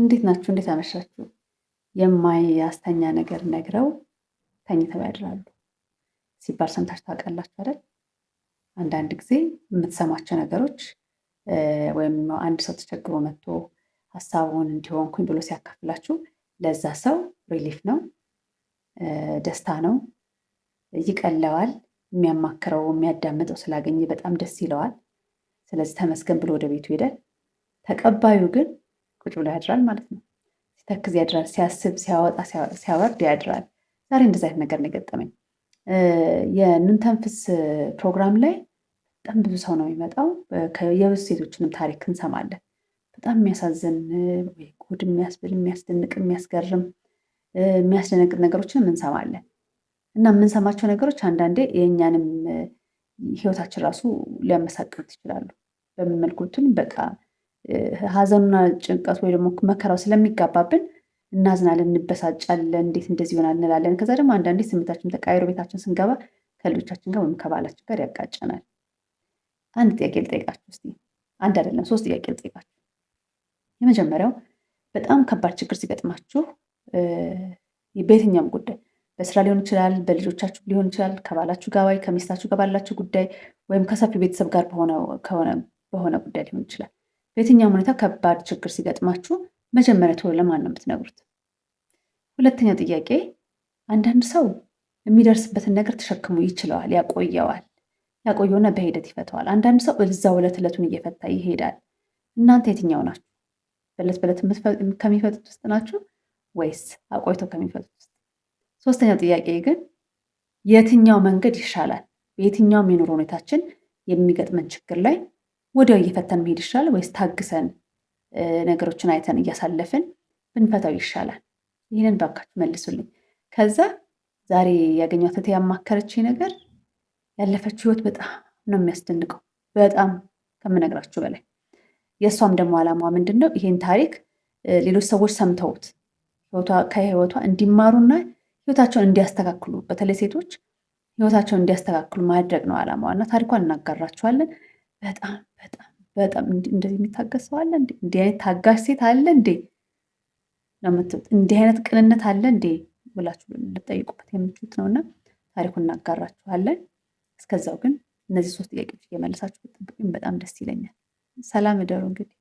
እንዴት ናችሁ? እንዴት አመሻችሁ? የማያስተኛ ነገር ነግረው ተኝተው ያድራሉ ሲባል ሰምታችሁ ታውቃላችሁ አይደል? አንዳንድ ጊዜ የምትሰማቸው ነገሮች ወይም አንድ ሰው ተቸግሮ መጥቶ ሀሳቡን እንዲሆንኩኝ ብሎ ሲያካፍላችሁ ለዛ ሰው ሪሊፍ ነው፣ ደስታ ነው፣ ይቀለዋል። የሚያማክረው የሚያዳምጠው ስላገኘ በጣም ደስ ይለዋል። ስለዚህ ተመስገን ብሎ ወደ ቤቱ ሄዳል። ተቀባዩ ግን ቁጭ ብሎ ያድራል ማለት ነው። ሲተክዝ ያድራል፣ ሲያስብ ሲያወጣ ሲያወርድ ያድራል። ዛሬ እንደዚ አይነት ነገር ነው የገጠመኝ። የንንተንፍስ ፕሮግራም ላይ በጣም ብዙ ሰው ነው የሚመጣው። የብዙ ሴቶችንም ታሪክ እንሰማለን። በጣም የሚያሳዝን ወይ ጉድ የሚያስብል የሚያስደንቅ፣ የሚያስገርም፣ የሚያስደነግጥ ነገሮችንም እንሰማለን እና የምንሰማቸው ነገሮች አንዳንዴ የእኛንም ህይወታችን ራሱ ሊያመሳቅሉት ይችላሉ። በምን በቃ ሀዘኑና ጭንቀቱ ወይ ደግሞ መከራው ስለሚጋባብን እናዝናለን፣ እንበሳጫለን፣ እንዴት እንደዚህ ይሆናል እንላለን። ከዛ ደግሞ አንዳንዴ ስሜታችን ተቃይሮ ቤታችን ስንገባ ከልጆቻችን ጋር ወይም ከባላችን ጋር ያጋጨናል። አንድ ጥያቄ ልጠይቃችሁ እስኪ። አንድ አይደለም ሶስት ጥያቄ ልጠይቃችሁ። የመጀመሪያው በጣም ከባድ ችግር ሲገጥማችሁ በየትኛውም ጉዳይ በስራ ሊሆን ይችላል፣ በልጆቻችሁ ሊሆን ይችላል፣ ከባላችሁ ጋር ወይ ከሚስታችሁ ጋር ባላችሁ ጉዳይ ወይም ከሰፊ ቤተሰብ ጋር በሆነ ጉዳይ ሊሆን ይችላል በየትኛውም ሁኔታ ከባድ ችግር ሲገጥማችሁ መጀመሪያ ቶሎ ለማን ነው የምትነግሩት? ሁለተኛው ጥያቄ፣ አንዳንድ ሰው የሚደርስበትን ነገር ተሸክሞ ይችለዋል፣ ያቆየዋል፣ ያቆየውና በሂደት ይፈተዋል። አንዳንድ ሰው እዛው ዕለት ዕለቱን እየፈታ ይሄዳል። እናንተ የትኛው ናችሁ? በለት በለት ከሚፈቱት ውስጥ ናችሁ ወይስ አቆይተው ከሚፈቱት ውስጥ? ሶስተኛው ጥያቄ ግን የትኛው መንገድ ይሻላል? በየትኛውም የኑሮ ሁኔታችን የሚገጥመን ችግር ላይ ወዲያው እየፈተን መሄድ ይሻላል ወይስ ታግሰን ነገሮችን አይተን እያሳለፍን ብንፈታው ይሻላል? ይህንን ባካችሁ መልሱልኝ። ከዛ ዛሬ ያገኘኋት እህቴ ያማከረች ነገር ያለፈችው ህይወት በጣም ነው የሚያስደንቀው፣ በጣም ከምነግራችሁ በላይ። የእሷም ደግሞ አላማዋ ምንድን ነው? ታሪክ ሌሎች ሰዎች ሰምተውት ከህይወቷ እንዲማሩና ህይወታቸውን እንዲያስተካክሉ፣ በተለይ ሴቶች ህይወታቸውን እንዲያስተካክሉ ማድረግ ነው አላማዋ እና ታሪኳን እናጋራችኋለን። በጣም በጣም በጣም እንደዚህ የሚታገስ ሰው አለ እንዴ? እንዲህ አይነት ታጋሽ ሴት አለ እንዴ ነው እንዲህ አይነት ቅንነት አለ እንዴ ብላችሁ ልጠይቁበት የምችሉት እና ታሪኩን እናጋራችኋለን። እስከዛው ግን እነዚህ ሶስት ጥያቄዎች እየመለሳችሁ ብትጠብቁኝ በጣም ደስ ይለኛል። ሰላም እደሩ እንግዲህ